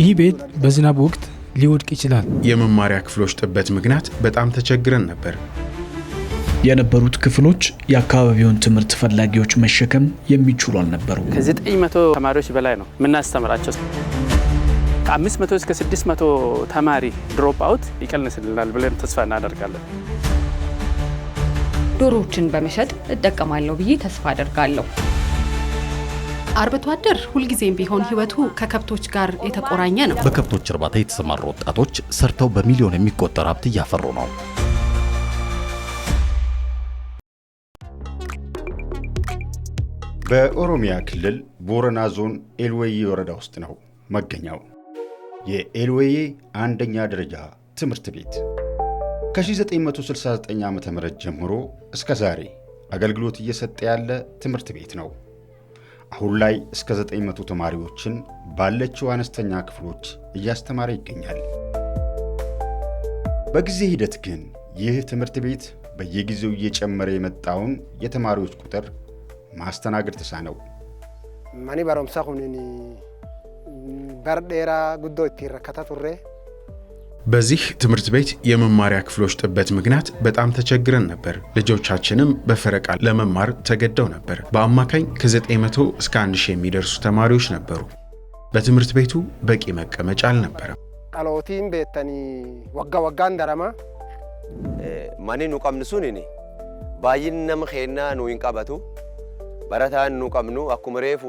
ይህ ቤት በዝናብ ወቅት ሊወድቅ ይችላል። የመማሪያ ክፍሎች ጥበት ምክንያት በጣም ተቸግረን ነበር። የነበሩት ክፍሎች የአካባቢውን ትምህርት ፈላጊዎች መሸከም የሚችሉ አልነበሩ። ከ መቶ ተማሪዎች በላይ ነው የምናስተምራቸው። ከ ከ500 እስከ 600 መቶ ተማሪ ድሮፕ አውት ይቀንስልናል ብለን ተስፋ እናደርጋለን። ዶሮዎችን በመሸጥ እጠቀማለሁ ብዬ ተስፋ አደርጋለሁ። አርብቶ አደር ሁልጊዜም ቢሆን ህይወቱ ከከብቶች ጋር የተቆራኘ ነው። በከብቶች እርባታ የተሰማሩ ወጣቶች ሰርተው በሚሊዮን የሚቆጠር ሀብት እያፈሩ ነው። በኦሮሚያ ክልል ቦረና ዞን ኤልወዬ ወረዳ ውስጥ ነው መገኛው የኤልወዬ አንደኛ ደረጃ ትምህርት ቤት ከ1969 ዓ ም ጀምሮ እስከ ዛሬ አገልግሎት እየሰጠ ያለ ትምህርት ቤት ነው። አሁን ላይ እስከ 900 ተማሪዎችን ባለችው አነስተኛ ክፍሎች እያስተማረ ይገኛል። በጊዜ ሂደት ግን ይህ ትምህርት ቤት በየጊዜው እየጨመረ የመጣውን የተማሪዎች ቁጥር ማስተናገድ ተሳነው። መኒ በሮምሳ ሁኒን በርዴራ ጉዶ ቲረከታ ቱሬ በዚህ ትምህርት ቤት የመማሪያ ክፍሎች ጥበት ምክንያት በጣም ተቸግረን ነበር። ልጆቻችንም በፈረቃ ለመማር ተገደው ነበር። በአማካኝ ከ900 እስከ 1000 የሚደርሱ ተማሪዎች ነበሩ። በትምህርት ቤቱ በቂ መቀመጫ አልነበረም። ሎቲን ቤተኒ ወጋ ወጋ እንደረማ ማኒ ኑቀምንሱን ኔ ባይን ነምኼና ኑይንቀበቱ በረታን ኑቀምኑ አኩም ሬፉ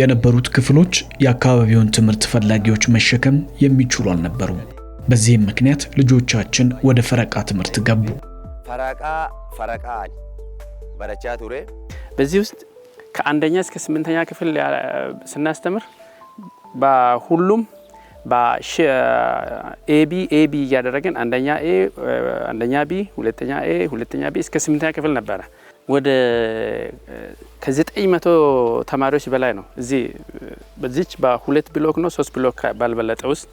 የነበሩት ክፍሎች የአካባቢውን ትምህርት ፈላጊዎች መሸከም የሚችሉ አልነበሩም። በዚህም ምክንያት ልጆቻችን ወደ ፈረቃ ትምህርት ገቡ። ፈረቃ ፈረቃ በረቻ ቱሬ በዚህ ውስጥ ከአንደኛ እስከ ስምንተኛ ክፍል ስናስተምር በሁሉም ኤቢ ኤቢ እያደረግን አንደኛ ኤ አንደኛ ቢ ሁለተኛ ኤ ሁለተኛ ቢ እስከ ስምንተኛ ክፍል ነበረ። ወደ ከዘጠኝ መቶ ተማሪዎች በላይ ነው እዚህ በዚች በሁለት ብሎክ ነው ሶስት ብሎክ ባልበለጠ ውስጥ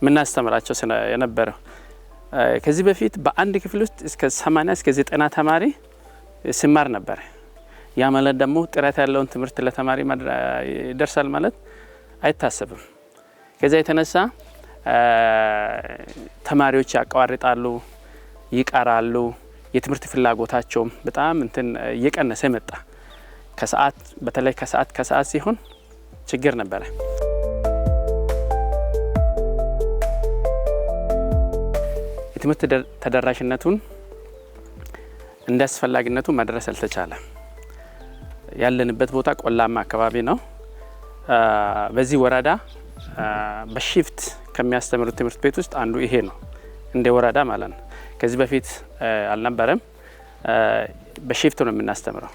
የምናስተምራቸው የነበረው። ከዚህ በፊት በአንድ ክፍል ውስጥ እስከ 80 እስከ 90 ተማሪ ሲማር ነበረ። ያ ማለት ደግሞ ጥረት ያለውን ትምህርት ለተማሪ ይደርሳል ማለት አይታሰብም። ከዚያ የተነሳ ተማሪዎች ያቋርጣሉ፣ ይቀራሉ። የትምህርት ፍላጎታቸውም በጣም እንትን እየቀነሰ መጣ። ከሰዓት በተለይ ከሰዓት ከሰዓት ሲሆን ችግር ነበረ። የትምህርት ተደራሽነቱን እንደ አስፈላጊነቱ መድረስ አልተቻለም። ያለንበት ቦታ ቆላማ አካባቢ ነው። በዚህ ወረዳ በሺፍት ከሚያስተምሩት ትምህርት ቤት ውስጥ አንዱ ይሄ ነው፣ እንደ ወረዳ ማለት ነው። ከዚህ በፊት አልነበረም። በሺፍት ነው የምናስተምረው።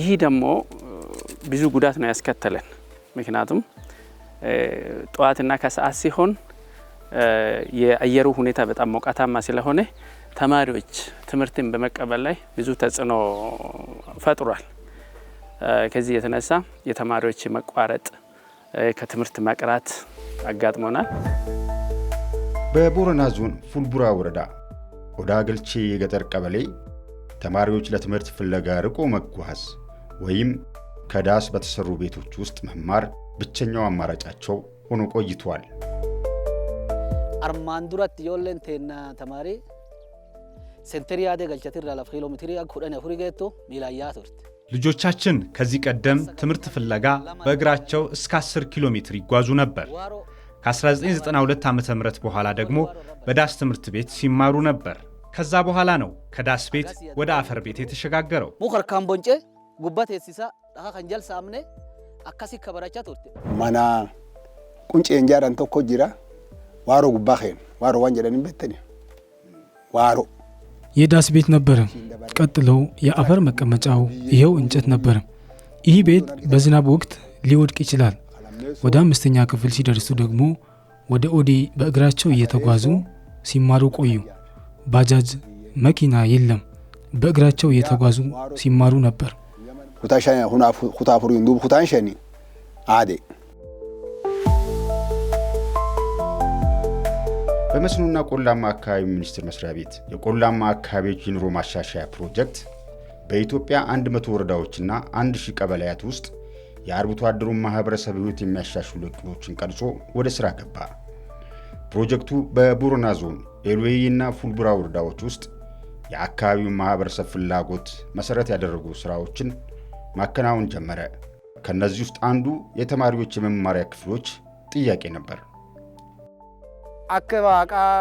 ይህ ደግሞ ብዙ ጉዳት ነው ያስከተለን። ምክንያቱም ጠዋትና ከሰዓት ሲሆን የአየሩ ሁኔታ በጣም ሞቃታማ ስለሆነ ተማሪዎች ትምህርትን በመቀበል ላይ ብዙ ተጽዕኖ ፈጥሯል። ከዚህ የተነሳ የተማሪዎች መቋረጥ፣ ከትምህርት መቅራት አጋጥሞናል። በቦረና ዞን ፉልቡራ ወረዳ ኦዳ ገልቼ የገጠር ቀበሌ ተማሪዎች ለትምህርት ፍለጋ ርቆ መጓዝ ወይም ከዳስ በተሰሩ ቤቶች ውስጥ መማር ብቸኛው አማራጫቸው ሆኖ ቆይቷል። armaan duratti ijoolleen teennaa tamaarii ሴንተሪ ያደ ገልቸትራ ለፍ ኪሎ ሜትሪ ኩደን ሁሪ ገቶ ሚላያ ቱርት ልጆቻችን ከዚህ ቀደም ትምህርት ፍለጋ በእግራቸው እስከ 10 ኪሎ ሜትር ይጓዙ ነበር። ከ1992 ዓ ም በኋላ ደግሞ በዳስ ትምህርት ቤት ሲማሩ ነበር። ከዛ በኋላ ነው ከዳስ ቤት ወደ አፈር ቤት የተሸጋገረው። ሙከርካን ቦንጬ ጉባት ሲሳ ዳካ ከንጀል ሳምኔ አካሲ ከበራቻ ቱርት መና ቁንጭ እንጃረን ቶኮ ጅራ ዋሮ ጉባ ዋሮ ዋንጀለን በተን ዋሮ የዳስ ቤት ነበረ። ቀጥለው የአፈር መቀመጫው ይኸው እንጨት ነበረ። ይህ ቤት በዝናብ ወቅት ሊወድቅ ይችላል። ወደ አምስተኛ ክፍል ሲደርሱ ደግሞ ወደ ኦዴ በእግራቸው እየተጓዙ ሲማሩ ቆዩ። ባጃጅ መኪና የለም። በእግራቸው እየተጓዙ ሲማሩ ነበር። ሁታሻ ሁናፍ ሁታፍሩ ንዱብ ሁታንሸኒ አዴ በመስኖና ቆላማ አካባቢ ሚኒስቴር መስሪያ ቤት የቆላማ አካባቢዎች የኑሮ ማሻሻያ ፕሮጀክት በኢትዮጵያ 100 ወረዳዎችና 1000 ቀበሌያት ውስጥ የአርብቶ አደሩን ማህበረሰብ ህይወት የሚያሻሽሉ እቅዶችን ቀርጾ ወደ ስራ ገባ። ፕሮጀክቱ በቦረና ዞን እና ፉልቡራ ወረዳዎች ውስጥ የአካባቢውን ማህበረሰብ ፍላጎት መሰረት ያደረጉ ስራዎችን ማከናወን ጀመረ። ከነዚህ ውስጥ አንዱ የተማሪዎች የመማሪያ ክፍሎች ጥያቄ ነበር። akka waaqaa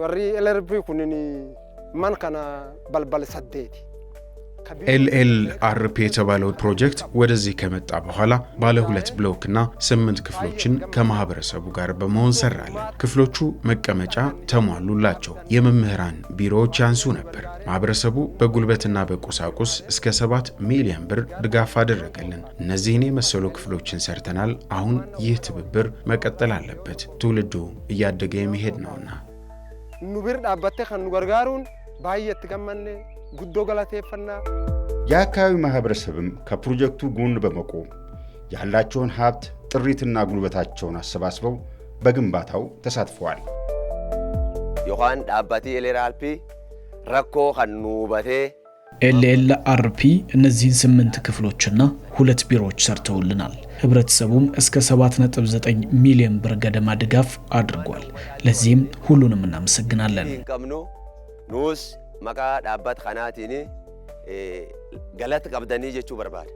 warri elerbrii kun man kana balbal saddeeti. ኤልኤል አርፒ የተባለው ፕሮጀክት ወደዚህ ከመጣ በኋላ ባለ ሁለት ብሎክና ስምንት ክፍሎችን ከማህበረሰቡ ጋር በመሆን ሰራለን። ክፍሎቹ መቀመጫ ተሟሉላቸው። የመምህራን ቢሮዎች ያንሱ ነበር። ማህበረሰቡ በጉልበትና በቁሳቁስ እስከ ሰባት ሚሊዮን ብር ድጋፍ አደረገልን። እነዚህን የመሰሉ ክፍሎችን ሰርተናል። አሁን ይህ ትብብር መቀጠል አለበት፣ ትውልዱ እያደገ የሚሄድ ነውና ኑ ዳበቴ ከኑ ገርጋሩን ባየት ጉዶ ገላቴፈና የአካባቢው ማህበረሰብም ከፕሮጀክቱ ጎን በመቆም ያላቸውን ሀብት ጥሪትና ጉልበታቸውን አሰባስበው በግንባታው ተሳትፈዋል። ዮሐን ዳባቲ ኤሌራልፒ ረኮ ከኑበቴ ኤልኤል አርፒ እነዚህን ስምንት ክፍሎችና ሁለት ቢሮዎች ሰርተውልናል። ህብረተሰቡም እስከ 7.9 ሚሊዮን ብር ገደማ ድጋፍ አድርጓል። ለዚህም ሁሉንም እናመሰግናለን። maqaa dhaabbata kanaatiin galata qabdanii jechuu barbaada.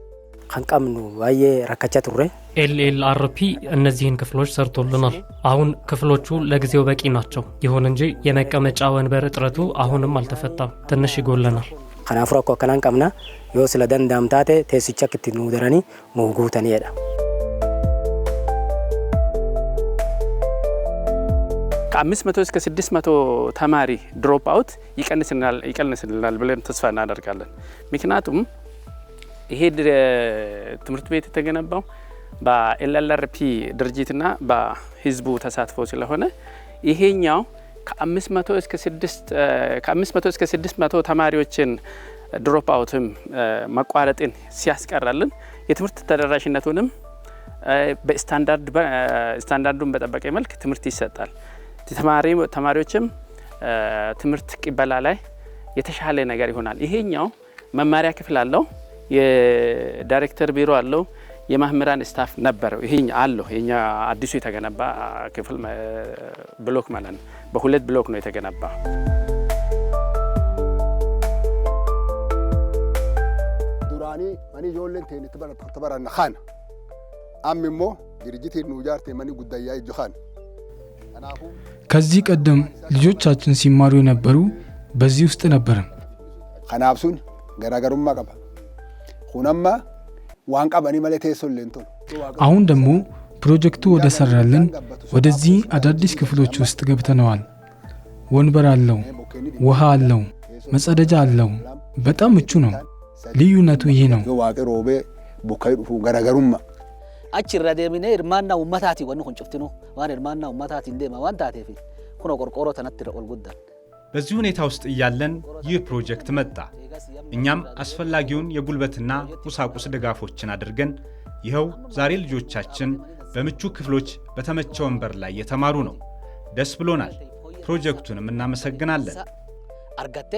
kan qabnu baay'ee rakkachaa turre። ኤልኤልአርፒ እነዚህን ክፍሎች ሰርቶልናል። አሁን ክፍሎቹ ለጊዜው በቂ ናቸው። ይሁን እንጂ የመቀመጫ ወንበር እጥረቱ አሁንም አልተፈታም፣ ትንሽ ይጎለናል። ከናፍሮ አኮ ከናን ቀምና ዮ ስለ ደንዳም ቴስቻ ክትኑ ደረኒ ሙጉተን የዳ ከአምስት መቶ እስከ መቶ ተማሪ ድሮፕ አውት ይቀንስልናል ብለን ተስፋ እናደርጋለን። ምክንያቱም ይሄ ትምህርት ቤት የተገነባው በኤልኤልአርፒ ድርጅትና በህዝቡ ተሳትፎ ስለሆነ ይሄኛው ከአምስት መቶ እስከ መቶ ተማሪዎችን ድሮፕ አውትም መቋረጥን ሲያስቀራልን የትምህርት ተደራሽነቱንም በስታንዳርዱን በጠበቀ መልክ ትምህርት ይሰጣል። ተማሪዎችም ትምህርት ቅበላ ላይ የተሻለ ነገር ይሆናል። ይሄኛው መማሪያ ክፍል አለው፣ የዳይሬክተር ቢሮ አለው፣ የመምህራን ስታፍ ነበረው። ይሄኛ አለው የኛ አዲሱ የተገነባ ክፍል ብሎክ ማለት ነው። በሁለት ብሎክ ነው የተገነባ። ዱራኒ መኒ ጆለን ቴኒ ተበረና ኻን አሚሞ ድርጅት ኑጃርቴ መኒ ጉዳያ ይጆኻን ከዚህ ቀደም ልጆቻችን ሲማሩ የነበሩ በዚህ ውስጥ ነበርን። ከናብሱን ገራገሩማ ቀባ ሁነማ ዋንቃ በኒ መለ ቴሶሌንቶ አሁን ደግሞ ፕሮጀክቱ ወደ ሰራልን ወደዚህ አዳዲስ ክፍሎች ውስጥ ገብተነዋል። ወንበር አለው፣ ውሃ አለው፣ መጸደጃ አለው። በጣም ምቹ ነው። ልዩነቱ ይሄ ነው። ገረገሩማ achi irra deemine hirmaannaa uummataati wanni kun cuftinu waan hirmaannaa uummataati deema waan taateef kunoo qorqoroo tanatti irra olguddan በዚህ ሁኔታ ውስጥ እያለን ይህ ፕሮጀክት መጣ። እኛም አስፈላጊውን የጉልበትና ቁሳቁስ ድጋፎችን አድርገን ይኸው ዛሬ ልጆቻችን በምቹ ክፍሎች በተመቸ ወንበር ላይ የተማሩ ነው። ደስ ብሎናል። ፕሮጀክቱንም እናመሰግናለን። አርገቴ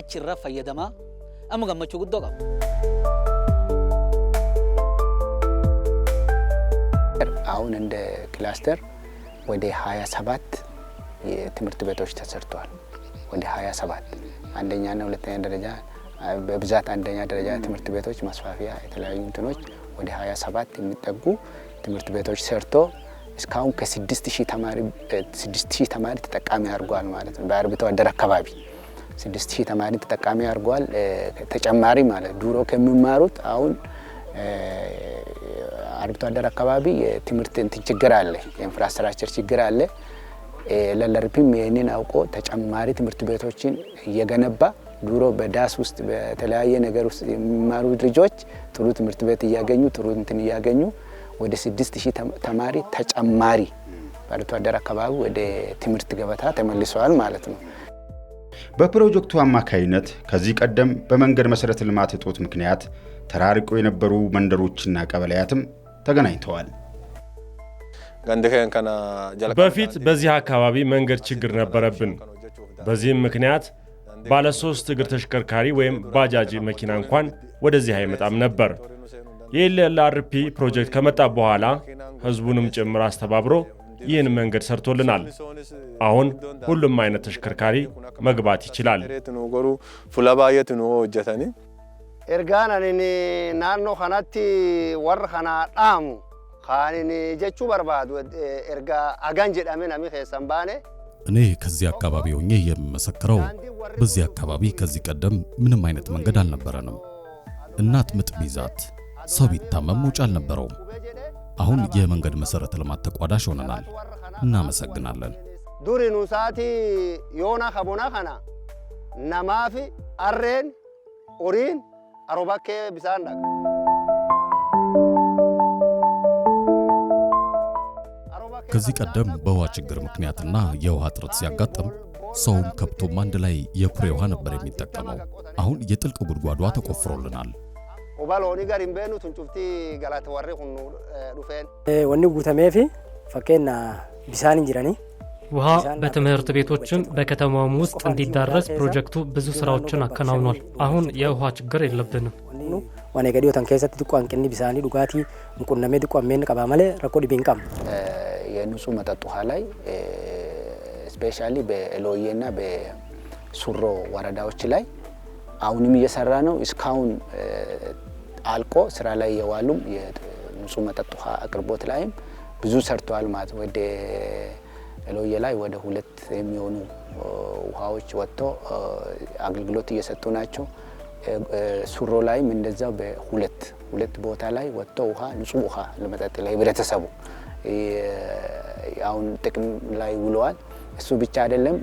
አችራ ፈየደማ አመገመቹ ጉዶ አሁን እንደ ክላስተር ወደ 27 የትምህርት ቤቶች ተሰርተዋል። ወደ 27 አንደኛና ሁለተኛ ደረጃ በብዛት አንደኛ ደረጃ ትምህርት ቤቶች ማስፋፊያ የተለያዩ እንትኖች ወደ 27 የሚጠጉ ትምህርት ቤቶች ሰርቶ እስካሁን ከ 6 ተማሪ ተማሪ ተጠቃሚ አድርጓል ማለት ነው። በአርብቶ አደር አካባቢ ስድስት ተማሪ ተጠቃሚ አድርጓል። ተጨማሪ ማለት ድሮ ከሚማሩት አሁን አርብቶ አደር አካባቢ የትምህርት እንትን ችግር አለ፣ የኢንፍራስትራክቸር ችግር አለ። ለለርፒም ይህንን አውቆ ተጨማሪ ትምህርት ቤቶችን እየገነባ ዱሮ በዳስ ውስጥ በተለያየ ነገር ውስጥ የሚማሩ ልጆች ጥሩ ትምህርት ቤት እያገኙ ጥሩ እንትን እያገኙ ወደ ስድስት ሺህ ተማሪ ተጨማሪ በአርብቶ አደር አካባቢ ወደ ትምህርት ገበታ ተመልሰዋል ማለት ነው። በፕሮጀክቱ አማካይነት ከዚህ ቀደም በመንገድ መሰረተ ልማት እጦት ምክንያት ተራርቆ የነበሩ መንደሮችና ቀበሌያትም ተገናኝተዋል። በፊት በዚህ አካባቢ መንገድ ችግር ነበረብን። በዚህም ምክንያት ባለ ሶስት እግር ተሽከርካሪ ወይም ባጃጅ መኪና እንኳን ወደዚህ አይመጣም ነበር። የኤልኤልአርፒ ፕሮጀክት ከመጣ በኋላ ህዝቡንም ጭምር አስተባብሮ ይህን መንገድ ሰርቶልናል። አሁን ሁሉም አይነት ተሽከርካሪ መግባት ይችላል። ergaan anin naannoo kanatti warra kanaa dhaamu kaanin jechuu barbaadu ergaa አጋን jedhame nami keessan baane እኔ ከዚህ አካባቢ ሆኜ የምመሰክረው በዚህ አካባቢ ከዚህ ቀደም ምንም አይነት መንገድ አልነበረንም። እናት ምጥ ቢይዛት ሰው ቢታመም መውጫ አልነበረውም። አሁን የመንገድ መሰረተ ልማት ተቋዳሽ ሆነናል። እናመሰግናለን። ዱሪ ኑሳቲ ዮና ከቦና ከና ነማፊ አሬን ኦሪን Arooba kee bisaan dhaqa. ከዚህ ቀደም በውሃ ችግር ምክንያትና የውሃ እጥረት ሲያጋጥም ሰውም ከብቶም አንድ ላይ የኩሬ ውሃ ነበር የሚጠቀመው። አሁን የጥልቅ ጉድጓዷ ተቆፍሮልናል። ወኒ ጉተሜፊ ፈኬና ቢሳን እንጅረኒ ውሃ በትምህርት ቤቶችም በከተማውም ውስጥ እንዲዳረስ ፕሮጀክቱ ብዙ ስራዎችን አከናውኗል። አሁን የውሃ ችግር የለብንም። ዋኔገዲዮተን ከሰት ድቋን ቢሳኒ ዱጋቲ እንቁነሜ ድቋን ሜን ረኮ ዲቢንቀም የንጹህ መጠጥ ውሃ ላይ ስፔሻሊ በሎዬና በሱሮ ወረዳዎች ላይ አሁንም እየሰራ ነው። እስካሁን አልቆ ስራ ላይ የዋሉም የንጹህ መጠጥ ውሃ አቅርቦት ላይም ብዙ ሰርተዋል ማለት ወደ ሎየ ላይ ወደ ሁለት የሚሆኑ ውሃዎች ወጥቶ አገልግሎት እየሰጡ ናቸው። ሱሮ ላይም እንደዛ በሁለት ሁለት ቦታ ላይ ወጥቶ ውሃ ንጹህ ውሃ ለመጠጥ ለህብረተሰቡ አሁን ጥቅም ላይ ውለዋል። እሱ ብቻ አይደለም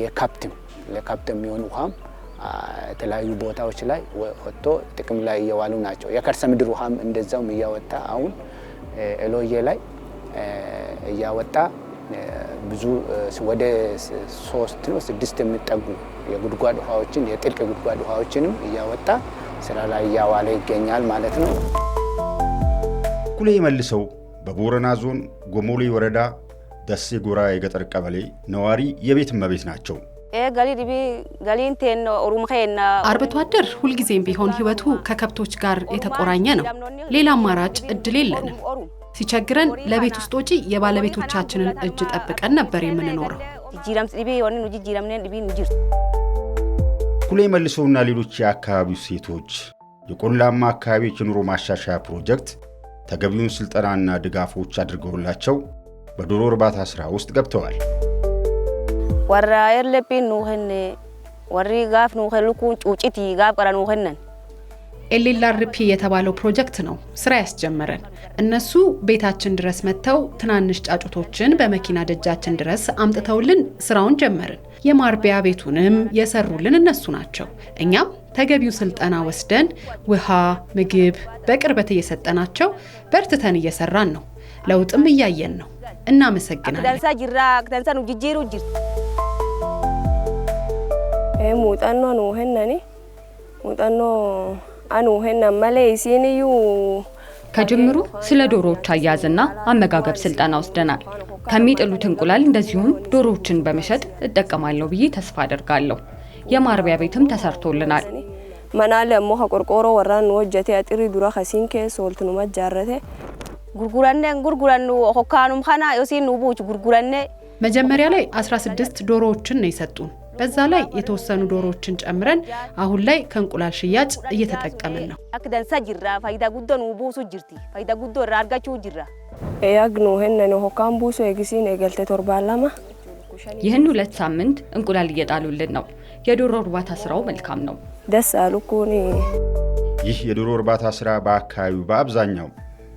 የካፕትም ለካፕት የሚሆን ውሃም የተለያዩ ቦታዎች ላይ ወጥቶ ጥቅም ላይ እየዋሉ ናቸው። የከርሰ ምድር ውሃም እንደዛውም እያወጣ አሁን ሎዬ ላይ እያወጣ ብዙ ወደ ሶስት ነው ስድስት የሚጠጉ የጉድጓድ ውሃዎችን የጥልቅ የጉድጓድ ውሃዎችንም እያወጣ ስራ ላይ እያዋለ ይገኛል ማለት ነው። ኩሌ መልሰው በቦረና ዞን ጎሞሌ ወረዳ ደሴ ጎራ የገጠር ቀበሌ ነዋሪ የቤት እመቤት ናቸው። አርብቶ አደር ሁልጊዜም ቢሆን ህይወቱ ከከብቶች ጋር የተቆራኘ ነው። ሌላ አማራጭ እድል የለንም። ሲቸግረን ለቤት ውስጥ ወጪ የባለቤቶቻችንን እጅ ጠብቀን ነበር የምንኖረው። ኩሌ መልሶና ሌሎች የአካባቢው ሴቶች የቆላማ አካባቢዎች የኑሮ ማሻሻያ ፕሮጀክት ተገቢውን ስልጠናና ድጋፎች አድርገውላቸው በዶሮ እርባታ ስራ ውስጥ ገብተዋል። ወራ የለብን ወሪ ጋፍ ጩጭት ጋፍ ቀረን ኤልኤልአርፒ የተባለው ፕሮጀክት ነው ስራ ያስጀመረን። እነሱ ቤታችን ድረስ መጥተው ትናንሽ ጫጩቶችን በመኪና ደጃችን ድረስ አምጥተውልን ስራውን ጀመርን። የማርቢያ ቤቱንም የሰሩልን እነሱ ናቸው። እኛም ተገቢው ስልጠና ወስደን ውሃ፣ ምግብ በቅርበት እየሰጠናቸው በርትተን እየሰራን ነው። ለውጥም እያየን ነው። እናመሰግናለን። ሙጣኖ ነው ሙጠኖ አኑ ሄና መለ ሲኒዩ ከጅምሩ ስለ ዶሮዎች አያያዝና አመጋገብ ስልጠና ወስደናል። ከሚጥሉት እንቁላል እንደዚሁም ዶሮዎችን በመሸጥ እጠቀማለሁ ብዬ ተስፋ አደርጋለሁ። የማርቢያ ቤትም ተሰርቶልናል። መናለ ሞኸ ቆርቆሮ ወራን ወጀቴ አጥሪ ዱራ ከሲንኬ ሶልትኑ መጃረቴ ጉርጉራነ ጉርጉራኑ ሆካኑም ኸና ዮሲን ውቡች ጉርጉራነ መጀመሪያ ላይ 16 ዶሮዎችን ነው የሰጡን በዛ ላይ የተወሰኑ ዶሮዎችን ጨምረን አሁን ላይ ከእንቁላል ሽያጭ እየተጠቀምን ነው። ይህን ሁለት ሳምንት እንቁላል እየጣሉልን ነው። የዶሮ እርባታ ስራው መልካም ነው። ደስ አሉኩኒ። ይህ የዶሮ እርባታ ስራ በአካባቢው በአብዛኛው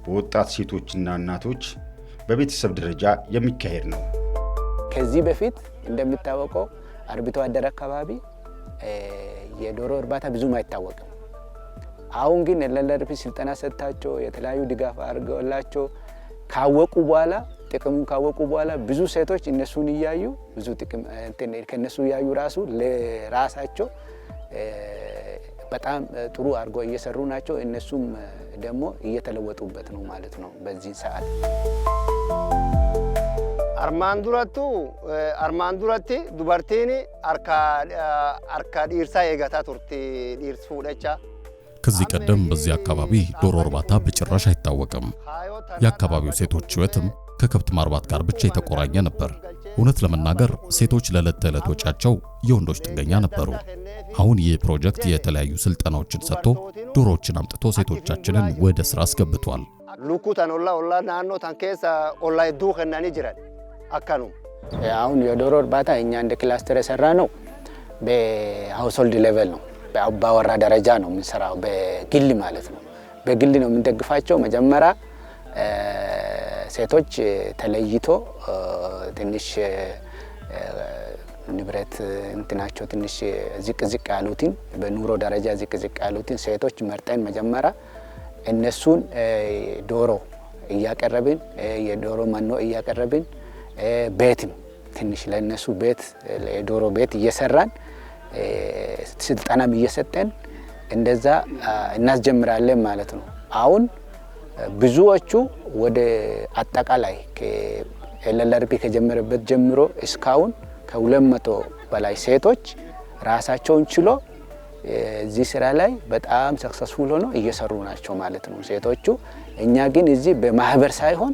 በወጣት ሴቶችና እናቶች በቤተሰብ ደረጃ የሚካሄድ ነው። ከዚህ በፊት እንደሚታወቀው አርብቶ አደር አካባቢ የዶሮ እርባታ ብዙም አይታወቅም። አሁን ግን ለለርፊ ስልጠና ሰጥታቸው የተለያዩ ድጋፍ አድርገውላቸው ካወቁ በኋላ ጥቅሙን ካወቁ በኋላ ብዙ ሴቶች እነሱን እያዩ ብዙ ጥቅም ከእነሱ እያዩ ራሱ ለራሳቸው በጣም ጥሩ አድርጎ እየሰሩ ናቸው። እነሱም ደግሞ እየተለወጡበት ነው ማለት ነው በዚህ ሰዓት Armaan durattu eh, armaan duratti dubartiin harka eh, dhiirsaa eegataa ከዚህ ቀደም በዚህ አካባቢ ዶሮ እርባታ በጭራሽ አይታወቅም። የአካባቢው ሴቶች ሕይወትም ከከብት ማርባት ጋር ብቻ የተቆራኘ ነበር። እውነት ለመናገር ሴቶች ለዕለት ተዕለት ወጪያቸው የወንዶች ጥገኛ ነበሩ። አሁን ይህ ፕሮጀክት የተለያዩ ስልጠናዎችን ሰጥቶ ዶሮዎችን አምጥቶ ሴቶቻችንን ወደ ሥራ አስገብቷል። ሉኩ ኦላ ናኖ ኦላ ዱ ከናኒ ጅረን አካኑ አሁን የዶሮ እርባታ እኛ እንደ ክላስተር የሰራ ነው። በሀውስሆልድ ሌቨል ነው፣ በአባወራ ደረጃ ነው የምንሰራው። በግል ማለት ነው፣ በግል ነው የምንደግፋቸው። መጀመሪያ ሴቶች ተለይቶ ትንሽ ንብረት እንትናቸው ትንሽ ዝቅ ዝቅ ያሉትን በኑሮ ደረጃ ዝቅ ዝቅ ያሉትን ሴቶች መርጠን መጀመሪያ እነሱን ዶሮ እያቀረብን የዶሮ መኖ እያቀረብን ቤትም ትንሽ ለእነሱ ቤት የዶሮ ቤት እየሰራን ስልጠናም እየሰጠን እንደዛ እናስጀምራለን ማለት ነው። አሁን ብዙዎቹ ወደ አጠቃላይ ኤልኤልአርፒ ከጀመረበት ጀምሮ እስካሁን ከሁለት መቶ በላይ ሴቶች ራሳቸውን ችሎ እዚህ ስራ ላይ በጣም ሰክሰስፉል ሆኖ እየሰሩ ናቸው ማለት ነው ሴቶቹ። እኛ ግን እዚህ በማህበር ሳይሆን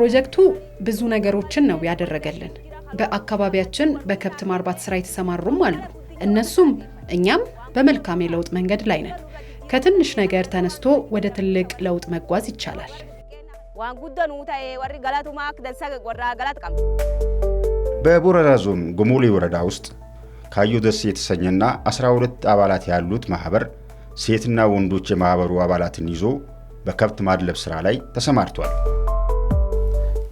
ፕሮጀክቱ ብዙ ነገሮችን ነው ያደረገልን። በአካባቢያችን በከብት ማርባት ስራ የተሰማሩም አሉ። እነሱም እኛም በመልካም የለውጥ መንገድ ላይ ነን። ከትንሽ ነገር ተነስቶ ወደ ትልቅ ለውጥ መጓዝ ይቻላል። በቦረና ዞን ጎሞሌ ወረዳ ውስጥ ካዩ ደስ የተሰኘና 12 አባላት ያሉት ማህበር ሴትና ወንዶች የማህበሩ አባላትን ይዞ በከብት ማድለብ ስራ ላይ ተሰማርቷል።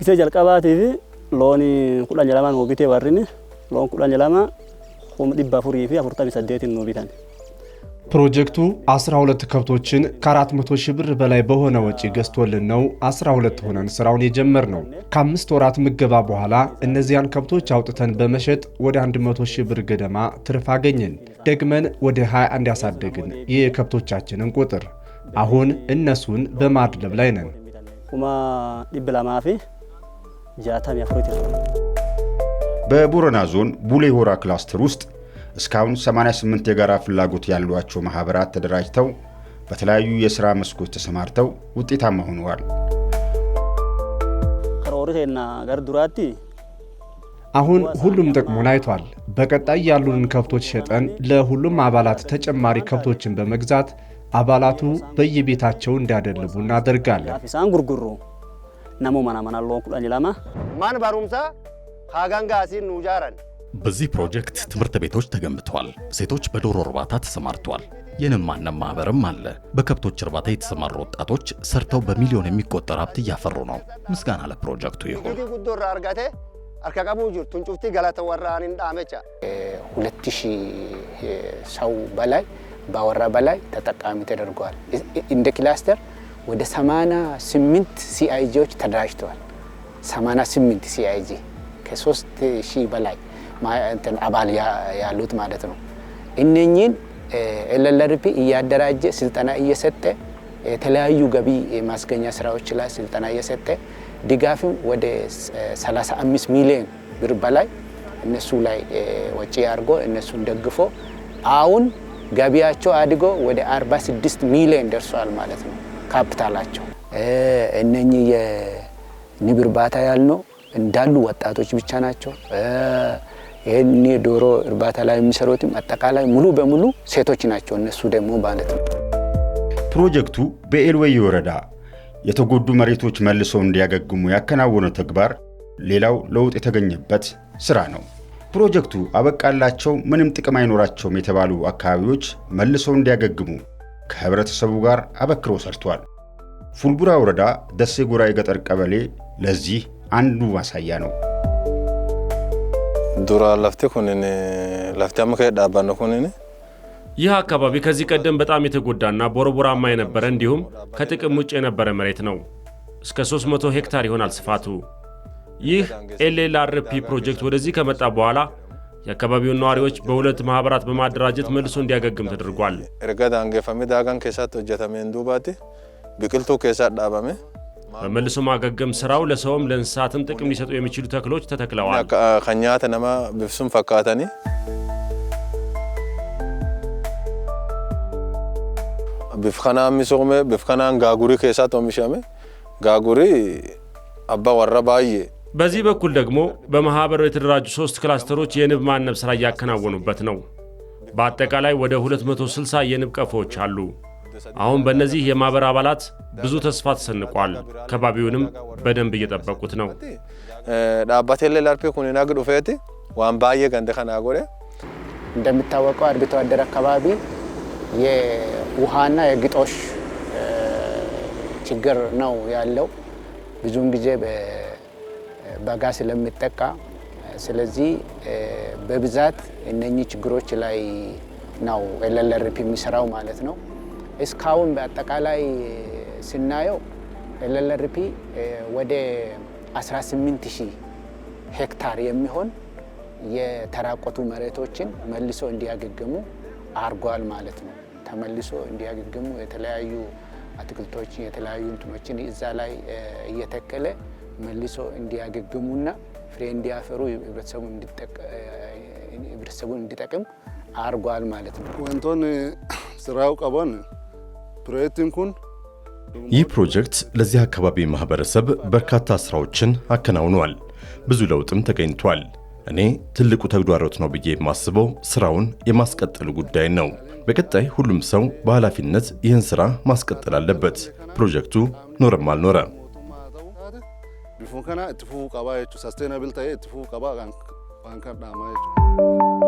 horsiisee jalqabaatiif loon kudhan jalamaan nuu warrin loon kudhan jalamaa kum dhibba afurii fi afurtamii saddeetin nuu bitan. ፕሮጀክቱ 12 ከብቶችን ከ400 ሺህ ብር በላይ በሆነ ወጪ ገዝቶልን ነው 12 ሆነን ስራውን የጀመር ነው። ከአምስት ወራት ምገባ በኋላ እነዚያን ከብቶች አውጥተን በመሸጥ ወደ 100 ሺህ ብር ገደማ ትርፍ አገኘን። ደግመን ወደ 21 ያሳደግን የከብቶቻችንን ቁጥር አሁን እነሱን በማድለብ ላይ ነን። በቦረና ዞን ቡሌ ሆራ ክላስተር ውስጥ እስካሁን 88 የጋራ ፍላጎት ያሏቸው ማህበራት ተደራጅተው በተለያዩ የስራ መስኮች ተሰማርተው ውጤታማ ሆነዋል። አሁን ሁሉም ጥቅሙን አይቷል። በቀጣይ ያሉንን ከብቶች ሸጠን ለሁሉም አባላት ተጨማሪ ከብቶችን በመግዛት አባላቱ በየቤታቸው እንዲያደልቡ እናደርጋለን። ነሞ መናመና ሎን ኩዳን ጀላማ ማን ባሩምሳ ካጋንጋ ሲን በዚህ ፕሮጀክት ትምህርት ቤቶች ተገንብተዋል። ሴቶች በዶሮ እርባታ ተሰማርተዋል። የንብ ማነብ ማህበርም አለ። በከብቶች እርባታ የተሰማሩ ወጣቶች ሰርተው በሚሊዮን የሚቆጠር ሀብት እያፈሩ ነው። ምስጋና ለፕሮጀክቱ ይሁን። አርከቀቡ ጅርቱን ጩፍቲ ገላተ ወራኒን ዳመቻ ሁለት ሺህ ሰው በላይ ባወራ በላይ ተጠቃሚ ተደርጓል እንደ ክላስተር ወደ 88 ሲአይጂዎች ተደራጅተዋል። 88 ሲአይጂ ከ3000 በላይ አባል ያሉት ማለት ነው። እነኚህን ኤልኤልአርፒ እያደራጀ ስልጠና እየሰጠ የተለያዩ ገቢ ማስገኛ ስራዎች ላይ ስልጠና እየሰጠ ድጋፍም ወደ 35 ሚሊዮን ብር በላይ እነሱ ላይ ወጪ አድርጎ እነሱን ደግፎ አሁን ገቢያቸው አድጎ ወደ 46 ሚሊዮን ደርሷል ማለት ነው። ካፒታላቸው እነኚህ የንብ እርባታ ያልነው እንዳሉ ወጣቶች ብቻ ናቸው። ይህን ዶሮ እርባታ ላይ የሚሰሩትም አጠቃላይ ሙሉ በሙሉ ሴቶች ናቸው። እነሱ ደግሞ ማለት ነው። ፕሮጀክቱ በኤልወይ ወረዳ የተጎዱ መሬቶች መልሰው እንዲያገግሙ ያከናወነው ተግባር ሌላው ለውጥ የተገኘበት ስራ ነው። ፕሮጀክቱ አበቃላቸው ምንም ጥቅም አይኖራቸውም የተባሉ አካባቢዎች መልሰው እንዲያገግሙ ከህብረተሰቡ ጋር አበክሮ ሰርቷል። ፉልጉራ ወረዳ ደሴ ጎራ የገጠር ቀበሌ ለዚህ አንዱ ማሳያ ነው። ዱራ ለፍቴ ኩንን ለፍቴ ዳባነ ኩንን ይህ አካባቢ ከዚህ ቀደም በጣም የተጎዳና ቦረቦራማ የነበረ እንዲሁም ከጥቅም ውጭ የነበረ መሬት ነው። እስከ 300 ሄክታር ይሆናል ስፋቱ። ይህ ኤልኤልአርፒ ፕሮጀክት ወደዚህ ከመጣ በኋላ የአካባቢውን ነዋሪዎች በሁለት ማህበራት በማደራጀት መልሶ እንዲያገግም ተደርጓል። በመልሶ ማገገም ስራው ለሰውም ለእንስሳትም ጥቅም ሊሰጡ የሚችሉ ተክሎች ተተክለዋል። ከኛተነማ ብፍሱም ፈካተኒ ብፍከና ሚሶሜ ብፍከናን ጋጉሪ ኬሳት ኦሚሻሜ ጋጉሪ አባ ወራ ባዬ በዚህ በኩል ደግሞ በማኅበሩ የተደራጁ ሦስት ክላስተሮች የንብ ማነብ ሥራ እያከናወኑበት ነው። በአጠቃላይ ወደ 260 የንብ ቀፎዎች አሉ። አሁን በእነዚህ የማኅበር አባላት ብዙ ተስፋ ተሰንቋል። ከባቢውንም በደንብ እየጠበቁት ነው። እንደሚታወቀው አርብቶ አደር አካባቢ የውሃና የግጦሽ ችግር ነው ያለው ብዙውን ጊዜ በጋ ስለምጠቃ ስለዚህ በብዛት እነኚህ ችግሮች ላይ ነው ኤልኤልአርፒ የሚሰራው ማለት ነው። እስካሁን በአጠቃላይ ስናየው ኤልኤልአርፒ ወደ 18 ሺህ ሄክታር የሚሆን የተራቆቱ መሬቶችን መልሶ እንዲያገግሙ አርጓል ማለት ነው። ተመልሶ እንዲያገግሙ የተለያዩ አትክልቶችን የተለያዩ እንትኖችን እዛ ላይ እየተከለ መልሶ እንዲያገግሙና ፍሬ እንዲያፈሩ ህብረተሰቡን እንዲጠቅም አርጓል ማለት ነው። ወንቶን ስራው ቀቦን ፕሮጀክትን ኩን ይህ ፕሮጀክት ለዚህ አካባቢ ማህበረሰብ በርካታ ስራዎችን አከናውኗል። ብዙ ለውጥም ተገኝቷል። እኔ ትልቁ ተግዳሮት ነው ብዬ የማስበው ስራውን የማስቀጠሉ ጉዳይ ነው። በቀጣይ ሁሉም ሰው በኃላፊነት ይህን ስራ ማስቀጠል አለበት። ፕሮጀክቱ ኖረም አልኖረም bifoon kana itti fufuu qabaa jechuudha. Sasteenabilitii itti fufuu qabaa kan kan dhahamaa jechuudha.